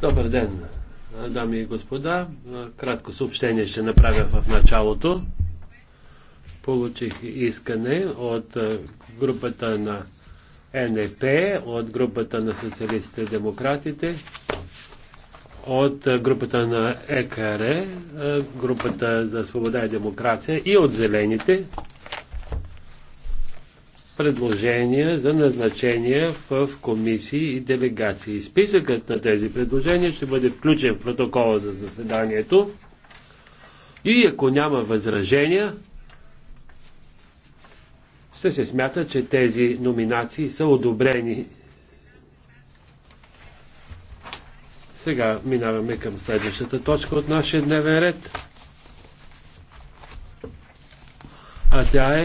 Добър ден, дами и господа. Кратко съобщение ще направя в началото. Получих искане от е, групата на НЕП, от групата на социалистите и демократите, от е, групата на ЕКР, е, групата за свобода и демокрация и от зелените предложения за назначения в комисии и делегации. Списъкът на тези предложения ще бъде включен в протокола за заседанието и ако няма възражения, ще се смята, че тези номинации са одобрени. Сега минаваме към следващата точка от нашия дневен ред. А тя е